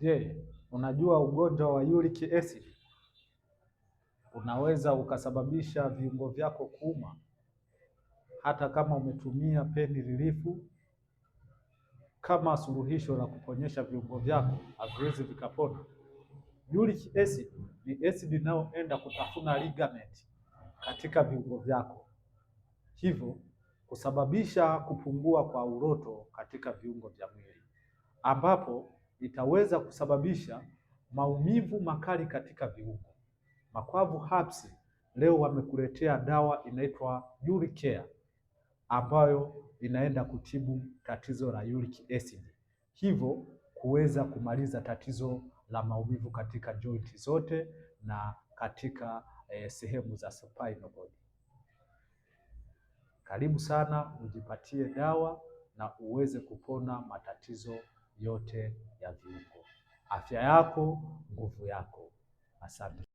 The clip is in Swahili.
Je, unajua ugonjwa wa uric acid unaweza ukasababisha viungo vyako kuuma hata kama umetumia peni lilifu kama suluhisho la kuponyesha viungo vyako haviwezi vikapona. Uric acid ni acid inayoenda kutafuna ligament katika viungo vyako, hivyo kusababisha kupungua kwa uroto katika viungo vya mwili ambapo itaweza kusababisha maumivu makali katika viungo. Makwavu Herbs leo wamekuletea dawa inaitwa Uric Care ambayo inaenda kutibu tatizo la uric acid, hivyo kuweza kumaliza tatizo la maumivu katika joint zote na katika eh, sehemu za spinal cord. Karibu sana ujipatie dawa na uweze kupona matatizo yote ya viungo, afya yako, nguvu yako. Asante.